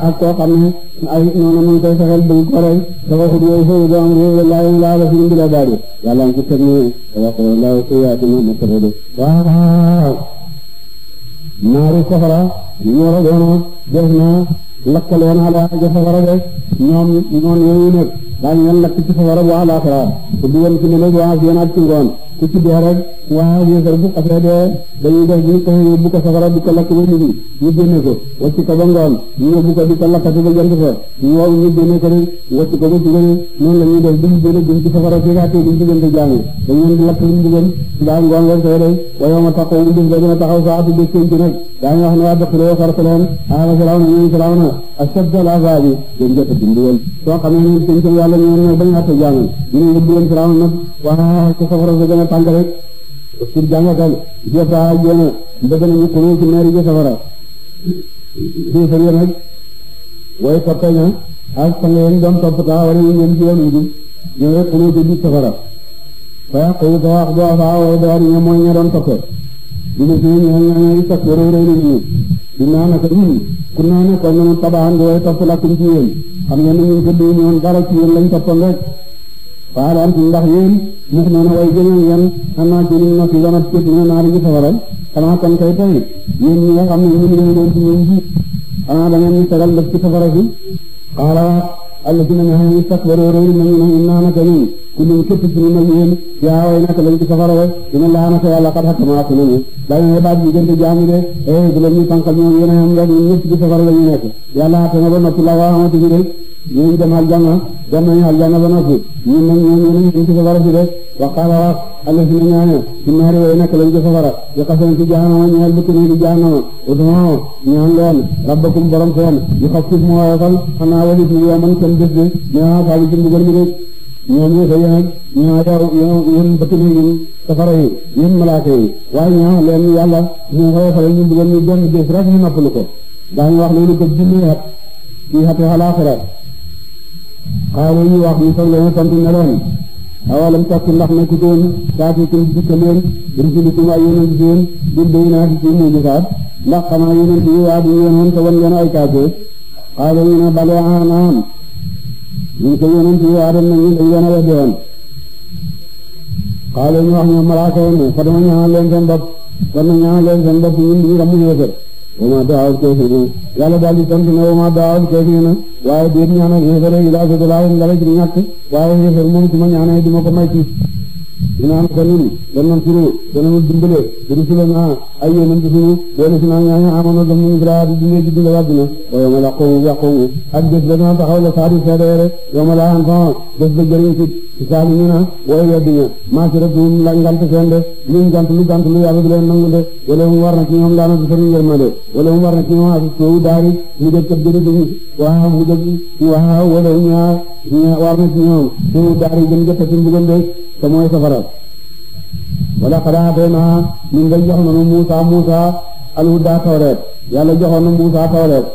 ak koo xam ne ay noonu mu ngi koy fexeel bëgg ko rey sa waxu yow foofu doom réew la laa ngi ci teg ne sa waxu laa ma ma tëdd naaru safara ñoo la doon def na lakkaloon ala ja safara de ñoom noon yooyu nag daañu leen lakk ci safara bu àllaaxira ku dugal ci lële bu wax yéen ak ci ngoon ku ci dee rek bu xasee dee dañuy def ñu koy yóbbu ko safara di ko lakk ba ñu ñu génne ci gën noonu la ñuy def duñ génne duñ ci safara fi gaatee duñ ci gën di jàng dañu leen di lakk luñ dugal daa ngoon wa yow ma taxaw ñu def dina taxaw saa nag daañu wax ne waa dëkkiloo xar salaam ala salaam ñu salaam na asabdal azabi dañ jot a yàlla ñoom ñooy bañ a àtte jaamu ñu ne yóbbu leen Firawna nag waa ci safara sa gën a a rek sur jàngatal jota jéem a bëgg nañu xunu ci meeri ji safara way toppe ña ak sa ngeen doon topp taa wala ñu ngeen ci yoon ji ñu ne safara da fa way da ñi mooy ña doon toppe dina ci ñu ñaan ñaan yi tak wërëw rëy nañu di naanaka ñun ku naana ko ñoom tabaan gooy topp lakum ci yéen xam ngeen ne ñun ko duñ lañ toppoon rek waaw am ci ndax yéen mux noona way jëñoon yan xam naa ci niñ nokki wanat cét muna naa di gi safaral ci ñun ji xanaa da ngeen ñu tegal def ci safara si xaala allazina nga xam ne istakbaru kullum képp ci ñu mel yéen yaa way naka lañ ci safara wa dina laanaka yàlla xat xat ma ak nañu dañu ne baat diggante jaamu de eh bu la ñuy tànkal ñoom yéen a xam rek ñun ñëpp ci safara la ñu nekk yàlla xat na ba noppi la waa xamante ni rek ñooñu dem aljanna dem nañu aljanna ba noppi ñun nag ñoom yéen a ñu ci safara si de waqaala wax allasina ñaane ci naari way naka lañ ci safara ya xasan ci jahannama ñeel bëkk nii di jahannama ud'u ñaan leen rabbakum borom seen yu xaf ci mu woyofal xanaa walis ni yoman seen bés de ñaa faagu ci mbugal mi rek ñooñu ko yéen ñoo daw yéen bëkk yi safara yi yéen malaaka yi waaye ñoo leen yàlla ñu ko waxal ñu bëggoon ñu benn bés rek ñu noppalu ko daañu wax loolu ko junni at ci xati alaaxira xaaru ñu wax ñu soog leen sant na leen awalam takk ndax nekku doon saatikum dikkal leen rusulukum ay yonent ci yéen bil bayinaati ci mujisaat ndax xamaa yonent yi waa bu ngeen woon te wan ngeen ay kaase xaaru ñu ne bale aan aan ñu ko yonent yi Aadama ñu dañ leen a weddi woon xaale ñu wax ñoom malaaka yi ne Fatma ñaanal leen seen bopp Fatma ñaanal leen seen bopp ñun ñu am mu yéefar wama daawul kaafiriin yàlla daal di tontu ne wama daawul kaafiriin waaye déet ñaanal yéefar yi laa ko dalaa ngala ci ñàkk waaye yéefar moom ci ma ñaanee duma ko may ci dina am xelul danañ turu danañ dimbale dina ci leen ah ay yéen a ngi suñu yéen si naa ñaañu amoon na dem ñu ngi laa di dundee di dundee waat ba yow ma la xaw ma yàqoo ma ak bés dana taxaw la saa di seede rek yow ma laa am fan bés ba jëriñ si si saa bi ñu na wala weddi ña maa si rek ñu la ngant seen de luñ gant lu gant lu yàlla leen nangu de wala mu war na ci ñoom daana di sëriñ yërma de wala mu war na ci ñoom ak soowu daari mu jëg tëb jëri di waa mu jëg waa wala ñaa war na ci ñoom soowu daari gën te mooy safara wala xadaa tey naa ñun de jox Muusa Muusa alhudaa tawreet yàlla joxoon na Muusa tawreet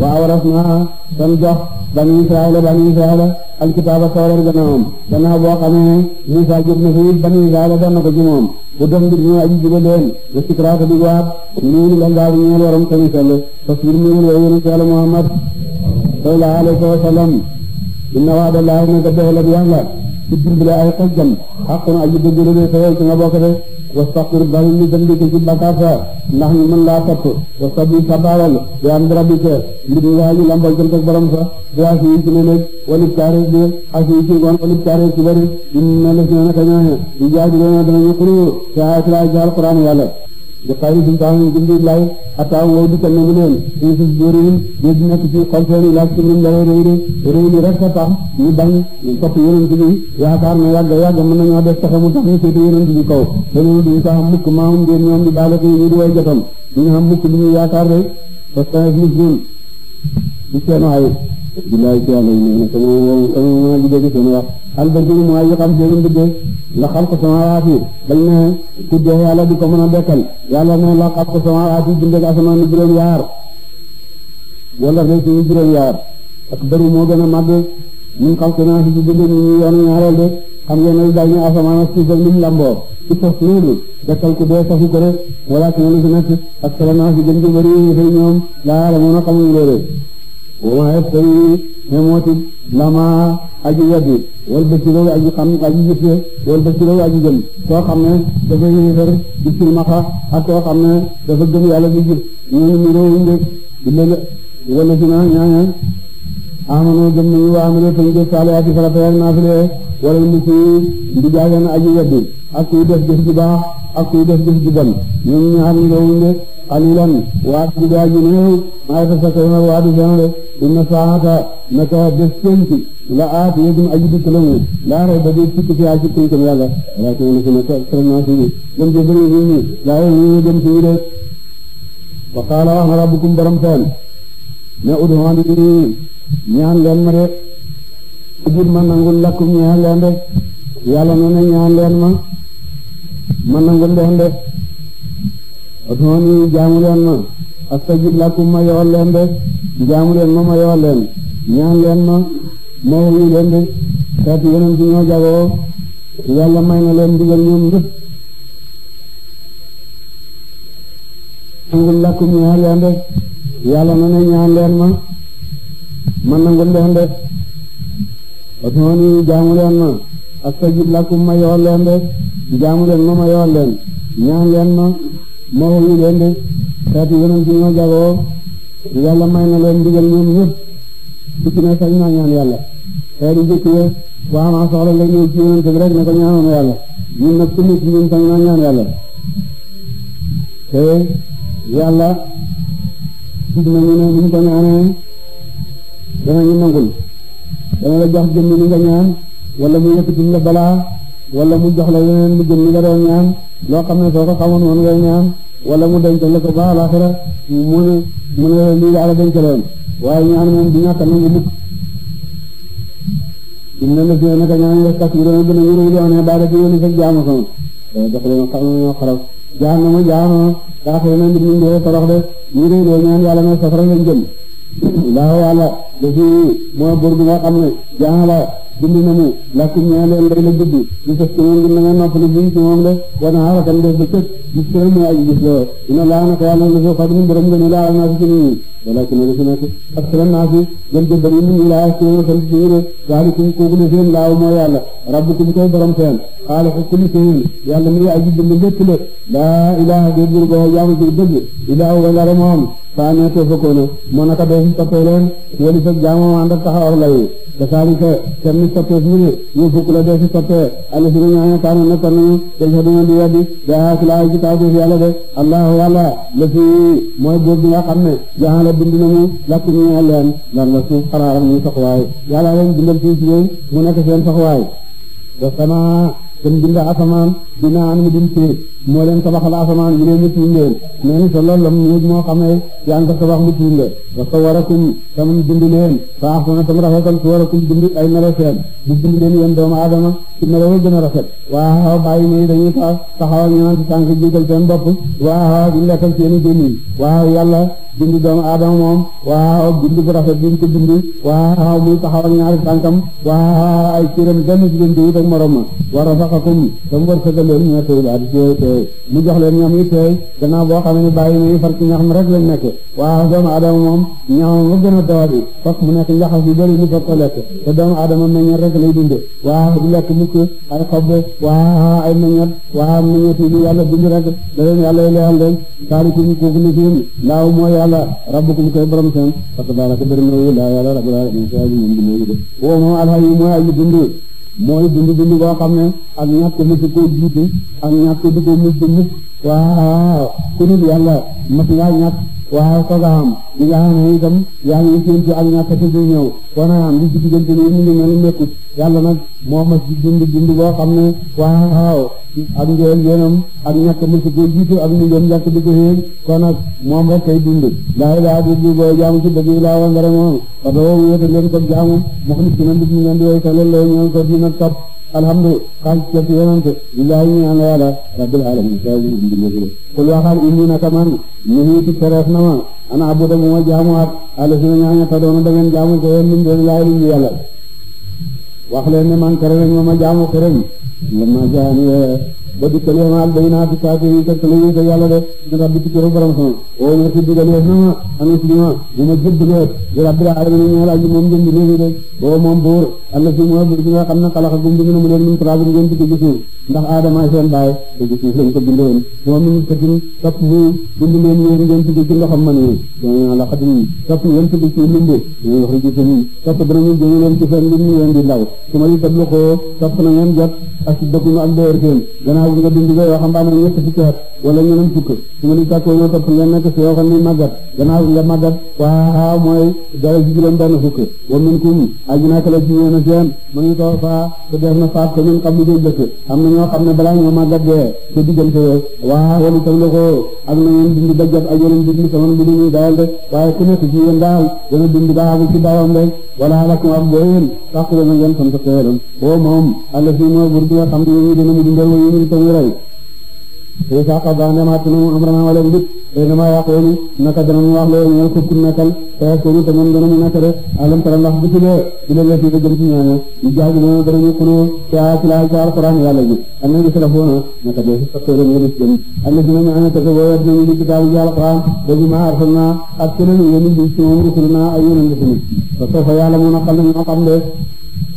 wa awaras naa tan jox bani Israayila bani Israayila alkitaaba tawreet gannaawam gannaaw boo xamee Muusa jot na fi bani Israayila ko ci moom bu dem di ñu aji jube leen wa sikraat di waat nii la ndaar ñeel waram tamit sell parce que ñu ngi lay yónni yàlla Muhammad sallallahu wa sallam inna waadallaahi naka doxal ak yàlla ci dimbale ay xajjam xaqun aji dëgg la de sa yow ci nga bokk de wastaqir bari ni dembike ci bakkaar sa ndax ñu mën laa topp wasta bi sabawal bi am drabike mbir ñi waa ji lambal jëm ak borom sa bi asiyi ci léeg-léeg walib taare bi asiyi ci ngoon walib taare ci bari ñu na les na naka ñooñe di jaay di doona danañu xuru te ay ci laa jaal Quraan yàlla jataay bi suñu gindi lay ataaw wooy dikkal na mu leen suñu gis jëriñ géej nekk ci xol seen laaj ci lim lay réy réy rek a tax ñu bañ topp yonent bi yaakaar na yàgg yàgg mën nañoo def taxe mu tax ñu seeti yonent bi kaw te loolu duñu ko xam mukk maamum ngeen ñoom di baale ko ñu di way jotam duñu xam mukk li yaakaar rek parce que muslim di seen waay billaay ci yàlla yi nee na te moom moom moom liggéey bi seen wax al ba jëli mooy yi la xam ko sama waati dañ ne ku dee yàlla di ko mën a dekkal yàlla ne la xam ko sama waati bindee asamaan ni juróom yaar wala rek suñu juróom yaar ak bëri moo gën a màgg ñun xam ko naa si si bindee ñu ñu yoonu ñaareel de xam ngeen ne daal ne asamaan ak suuf ak lim lamboo ci fas loolu dekkal ku dee safu ko rek wala ki nekk ak sama naa si gën ji bëri ñoom laa yàlla mën a xamuñ loolu waaye sëy xemootib lama aji weddi wal basirawu aji xam aji jëfee wal basirawu aji gëm koo xam ne dafa yéefar di silmaxa ak koo xam dafa gëm yàlla di jëf ñooñu ñu réewuñ de di leen wala si na ñaaña amano gëm nañu wa amilo tañ jëf saaliyaati farata ak naafile wala mu si di jaagan aji weddi ak kuy def jëf ju baax ak kuy def jëf ju bon ñooñu ñaar ñu réewuñ de qalilan waa ci gaa ji néew maa tasakkaruna waa di seen de inna saa'ata naka bés pénc la aatiyatun aji dikk la mu laa rayba di ci tukki yaa ci péncam yàlla walaakin lakiina aktaran naasi gëm ci bëri nit ñi laa yu'minuuna gëm ci ñu de wa qaala wax na rabbukum borom seen ne ud'uuni ñaan leen ma de ajib ma nangul lakum ñaan leen de yàlla nee na ñaan leen ma ma nangul leen de ud'uunii jaamu leen ma astajib lakum ma yool leen de jaamu leen ma ma yool leen ñaan leen ma ma wuyu leen de xeetu yeneen ci ñoo jagoo yàlla may na leen digal ñoom ndëf nangul lakum ñaan leen de yàlla na ne ñaan leen ma ma nangul leen de ud'uunii jaamu leen ma astajib lakum ma yool leen de jaamu ma ma yool leen ñaan leen ma moo wuyu leen de xeeti yeneen ci ñoo jagoo yàlla may na leen ndigal ñoom ñëpp su ci ne sañ naa ñaan yàlla xeeti jëkk yàlla ñun nag ku ne buñ ko ñaanee danañu nangul dana la jox jëmm li nga ñaan wala mu yëkkatil la balaa wala mu jox la leneen lu jëm ñaan loo xam ne soo ko xamoon woon ñaan wala mu denc la ko ba alaxira mu ne mu ne lii yàlla denc leen waaye ñaan moom du ñàkk a nangu mukk im na lëf naka ñaan yestak yi doona gën a yërëy loone baada ci yónni da jaamu sama dafa leen xam ñoo xarab jaam na ma jaamoo daaxee na mbir ñu mu torox de ñu réy doo ñaan yàlla na safara lañ jëm laa wàlla dafi moo bur bi nga xam ne la bind na mu lakkum ñaa leen day a guddi di sëf ci moom na nga noppalu bii ci moom de wana xarakan def bëccëg gis tëral muy aji gis loo ina laa naka yàlla la soo xadum borom gënu laa naa fi si nekk naa fi jël jëbbal yi nit ñi laa ci yoon sant ci yére zaalikum kooku la seen laaw moo yàlla rabbukum koy borom seen xaaliqu kulli shayin yàlla muy aji bind lépp la laa ilaha déet bur goo jaamu ci dëgg ilaahu wa dara moom faa naa te fëkkoona moo naka doo fi soppee leen wali sa jaamoo ànd ak taxaw ak layu te saa ni ke kenn soppee fi ne ñu fukk la doo fi soppee ala si ñaane kaana nekkoon nañu te sa dina di weddi de haasilaayu ci kaw suuf yàlla de allahu yàlla la fi mooy boobu nga xam ne jaxan la bind nañu lakkum ñee leen yàlla leen bindal si yéen mu nekk seen soxwaay da sama seen bind asamaan dina am ni dim fii moo leen tabaxal asamaan mu ne mu tiim leen neen sa lolam néeg moo xam ne yaa ngi ko tabax mu tiim leen wa sawarakum tam bind leen fa ahsana tam rafetal suwarakum bind ay melo seen di bind leen yéen doomu aadama ci melo yi rafet waa xaw bàyyi mooy dañuy tax taxaw ak ñaan ci tànk jiital seen bopp waa xaw di lekkal seen i waa yàlla bind doomu aadama moom waa bind bu rafet bi ñu ko bind waaw muy taxaw ak ñaari tànkam waaw ay ciiram benn diggante wut ak morom ma wa rafaqakum tam wërsëgal leen ñetteel mu jox leen ñoom ñu tooy eh, gannaaw boo xam ne bàyyi nañu far ci ñaxam rek lañ nekk waaw doomu aadama moom mu gën a tawa bi mu nekk njaxas yu bëri ñu fokk ko lekk te doomu aadama meññet rek lay dunde waaw du lekk mukk ay xob waaw ay meññet waaw meññet yi yàlla bind rek da leen yàlla y leexal leen saalikum kooku ni fiim ndaaw mooy yàlla rabbukum koy borom seen parce que daala ko bëri na laa yàlla rabbul alamin sa moom di mooyu de woo moom alhayi mooy mooy dund dund boo xam ne ak ñàkk mos ko jiitu ak ñàkk di ko mujj mukk waaw ku dul yàlla mas ngaa ñàkk waaw sogaam li nga xam ne itam yaa ngi séntu ak ñàkk te du ñëw kon am li ci diggante ni nekkut yàlla nag moo mas di dund dund boo xam ne waaw ak njël yéenam ak ñàkk mu ci koy jiitu ak ñu jëm ñàkk di ko yéeg kon nag moom rek kay dund laa laa di di boo jaamu ci dëgg laa wa ngara moom parce que woowu wéete leen ko jaamu muxlis ci na ndig ñu leen di woy ko loolu la ñëw ko dina topp alhamdu xaaj cëpp yonente billaahi ñu ñaan yàlla rabbil alamin sa wuru mbindéef kul waxal indi na ka man ñu hiiti tereef na ma ana abuda mu ma jaamu at ala sina ñaaña ta doona da ngeen jaamu ko yéen mbindéef laay lu yàlla wax leen ne man kere nañ ma ma jaamu kere ma jaani ba dikkal yow naa naa fi saako yi teg tamit yéen a yàlla de dina rabbi bu ma jëb digal di rabbi alamin ngeen dugg ci ndax aadama seen baay dugg suuf lañ ko bindoon moom ñu tëgin topp ñu bind leen la xatim topp ngeen dugg ci limbi ñu wax ci seen topp danañu jëñ leen ci seen lim ñu leen di ndaw su ma yi tablu ko topp na ngeen jot ak dëggu ak dëgër seen xale bi nga dund ba yoo xam ne am na ñett fukki at wala ñeneen fukk su ma leen tàkkoo ñoo topp nga nekk si yoo xam ne màggat gannaaw nga màggat waaw mooy dara ci juróom benn fukk wa minkum ajnakala ci yéen a seen mu ngi too faa te def na faat ko min xam li day dëkk am na ñoo xam ne balaa ñoo màggat dee te diggante yooyu waaw wala tam la ko ak na ngeen dund ba jot ak yeneen digli saman bi dañuy dawal de waaye ku nekk ci yéen daal dana dund ba àgg ci dawam de wala lakum ab booyeen tàqu dana ngeen sant xéeram boo moom àll fi moo bur bi nga xam ne yéen dana mu dundal wa yéen ñu rey te saaka baane ma tunu mu amrana wala mbit te na ma yaqoonu naka dana wax loolu ñoo kub nekkal te yaqoonu te moom dana mu nekk alam tara ndax bisuloo ila la fi jëm ci ñooñu ñu jaagu noonu dana ñu kunu te a ci laal ca alquran ji am na gisala naka de fottere ñu dis jëm am na dina ñu ana te boo yor nañu di kitaab ji alquran da ji a arsalna a keneen yéen di ci moom rusulna a yéen di sunu fa soo fa yàlla mu na xam ne ñoo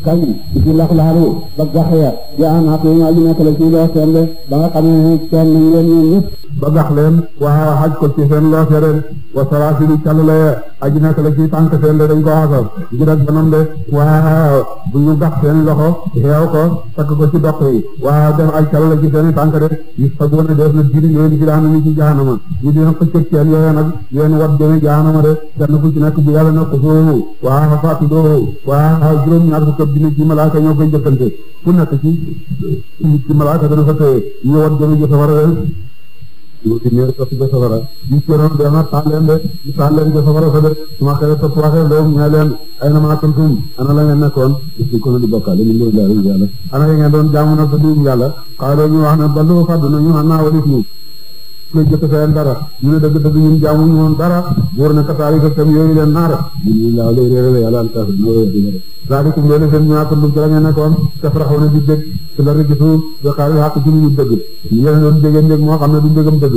kañ ci lax laalu ba gaxeya ya an xaqima li nekk la ci loo seen de ba nga xamee ne seen nañ leen ñoom ba gax leen waa xaj ko ci seen loos ya de wa sarasilu calula ya aji nekk la ci tànk seen de dañ ko xasal ngir ak banam de waa bu ñu gax seen loxo xeew ko takk ko ci doq yi waa def aj calula ci seen tànk de yu sagoona def na diri leen ci daan ni ci jaanama ñu dina xëccëg seen yooya nag yéen wat jëme jaanama de kenn ku ci nekk bu yàlla na ko soowu waa faatu doo waa juróom ñaar fukk dina ci malaaka ñoo koy jëkkante ku nekk ci ci malaaka dana fa teye ñu ñu ngi ci ñëw topp ca safara ñu cëroon dem ak taal leen de ñu taal leen ca safara fa de su ma topp waxee loolu ñu leen ay na maa kuntum ana la ngeen nekkoon ci ko di bokkaale ñu ngi lay yàlla ana ngeen doon na fa di yàlla ñu wax ne ballu ñu lay jëkk fayal dara ñu ne dëgg-dëgg ñun jaamuñu woon dara wóor na kasaari a tam yooyu leen naara ñun laa lay réerale yàlla alkaasi na wéy dina saalikum loolu seen ñaa kundum ci la ngeen nekkoon tafraxaw na di dëgg ci la rëgg suuf bi xaari xàq ci lu ñu dëgg ñu leen doon dégg moo xam ne du dëggam dëgg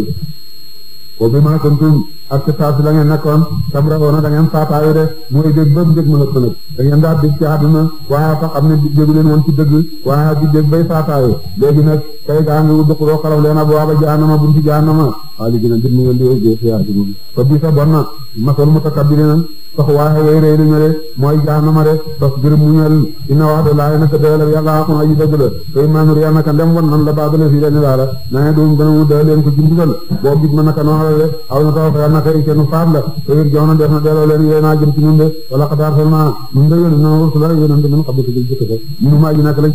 wa bimaa kuntum ak ci taas la ngeen nekkoon tamrahuuna da ngeen faataayu de mooy dég ba mu ma ëpp nag da ngeen daa dég ci àdduna waaye fa xam ne di jégu leen woon ci dëgg waaye di dég bay faataayu léegi na kay gaa ngi wuddu xuloo xalaw leen ab waaba jaanama bunti jaanama xaali dina dit mu ngeen di wéy dee xiyaar bi fa bi sa bon na masal mutakabbiriina sax waaye way réy lu ñële mooy jaanama rek sax ngir muñal dina wax de laay naka doyalal yàlla axon aji dëgg la tey maanur yaa naka ndem wan nan la baadale fii leen laala nane doum gën a mu doy leen ko boo gis ma naka nooxale de aw na taw fa naka ikenu faat la tey jox na def na delloo leen yéen a jëm ci ñun de wala xadaar seulement ñun de yónni na rusula yónante min xabika jël jëkk ko minu ma aji naka la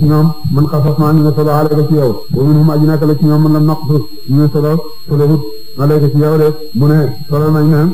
ci ñoom man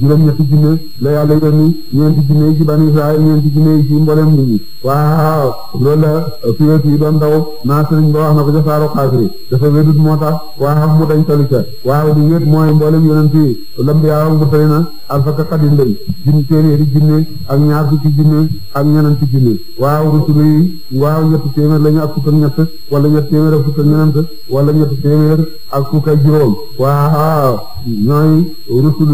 juróom-ñetti junne la yàlla yónni ñeenti junne yi ci bani Israël ñeenti junne yi ci mboolem nit ñi waaw loolu la fiet yi doon daw naa sëriñ ba wax na ko ca saaru dafa wédut moo tax waaw mu dañ tali ca waaw li wét mooy mboolem yonent yi lam bi yaawam batali na alfaka xadin lañ junne téeméeri junne ak ñaar fukki junne ak ñenenti junne waaw rusulu yi waaw ñetti téeméer lañu ak fukk ak ñett wala ñetti téeméer ak fukk ak ñenent wala ñetti téeméer ak fukk ak juróom waaw ñooy rusulu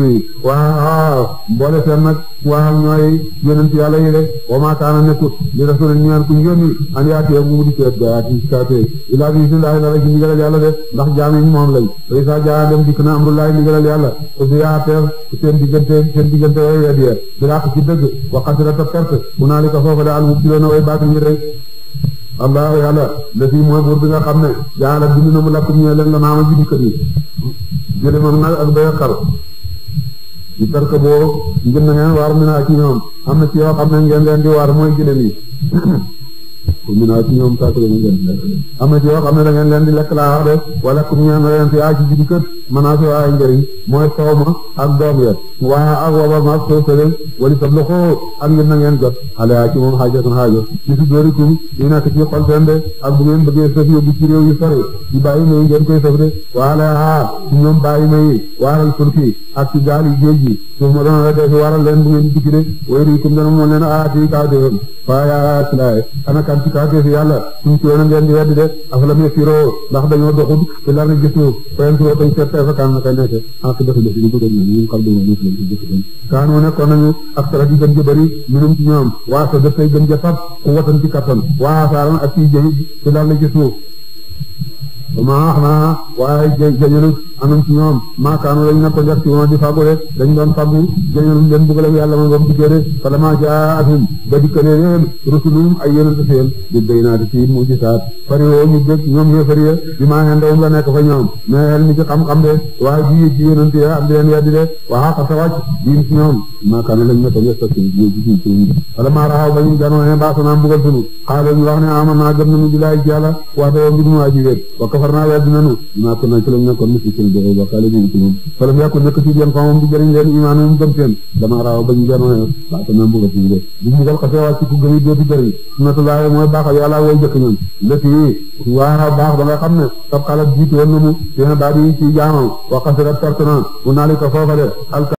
waaw boole seen nag waa ñooy yonent yàlla yi de wa maa kaana nekkut li rasul ñaan ku yónni an yaatee mu di seet gaa ci kaatee ilaa bi isnillahi la ci ndigalal yàlla de ndax jaam yi moom lañ tey saa jaa dem dikk na amrullahi ndigalal yàlla ko si yaateer seen diggante seen diggante way weddi bilaq ci dëgg wa perte mu naa li ko foofu daal mu kiloona way baatu ñi rek allah yàlla la mooy buur bi nga xam ne jaala bind na mu lakk ñee leen la naama ji dikkat yi jële moom nag ak di tarka boo ngeen ngeen waar mi naa ci ñoom am na ci yoo xam ne geen leen di waar mooy gëlëm yi mi naa ci ñoom tàkk leen ngeen am na ci yoo xam ne da ngeen leen di lekk laa wala ku ñaan leen fi aa ci jibi manaasi waaye njëriñ mooy xaw ma ak doom ya waaye ak waba ma soosale wali sab lu xoo ak ngir na ngeen jot alaa ci moom xaaja sun xaaja ci su dóorikum yu nekk ci xol seen de ak bu ngeen bëggee sëf yóbbu ci réew yu sori ci bàyyi may ngeen koy sëf de waala aa ci ñoom bàyyi may waaral furki ak ci gaal yu géej gi suuf ma doon la def waral leen bu ngeen dikki de wayrikum dana moom leen aati kaawteefam faaya aati laay ana kan ci kaawteefi yàlla suñ ci la mee firoo ndax dañoo kay fa kaan na kay nekk ak ah, def def ñu bëgg ñu ñu xam do ñu ñu def def kaanu nekkoon nañu ak sara di gën ju bari ñu ci ñoom waa sa def ja fab ku watan ci kattan waa saaran ak ci jëy ci dal na ci suuf ma wax naa waaye jëy anam ci ñoom maakaanu lañ nekkoon def ci woon di fàggu rek dañ doon fàggu jëñoon leen buggal ak yàlla moom ba mu dikkee rek falammaa di baynaati ci mujisaat fari woo ñu la nekk fa ji ci yonent ya am di leen weddi diin ci ñoom maakaanu lañ nekkoon def ci ji ci ci falammaa raxaw ba ñu ganoo ne mbaa sonaa mbugal sunu xaaral ñu wax ne amana gëm nañu billaahi ci yàlla wax da woon bi ñu waa ji wéet wa kafarnaa weddi na ci lañ tul dee bokkale bi ci ñun falam yàkku nekk ci yéen xamam bu jëriñ leen imaan moom gëm seen dama raaw bañ jënoon ba ta même bëgg ci de bu ñu gal xafee wàcc ku gëm dootu jëriñ sunnatullaahi mooy baaxal yàlla way jëkk ñun léegi waa baax ba nga xam ne sab xalaat jiitu woon na mu dina daal di ci jaamam wa xasira perte na mu naa li ko foofale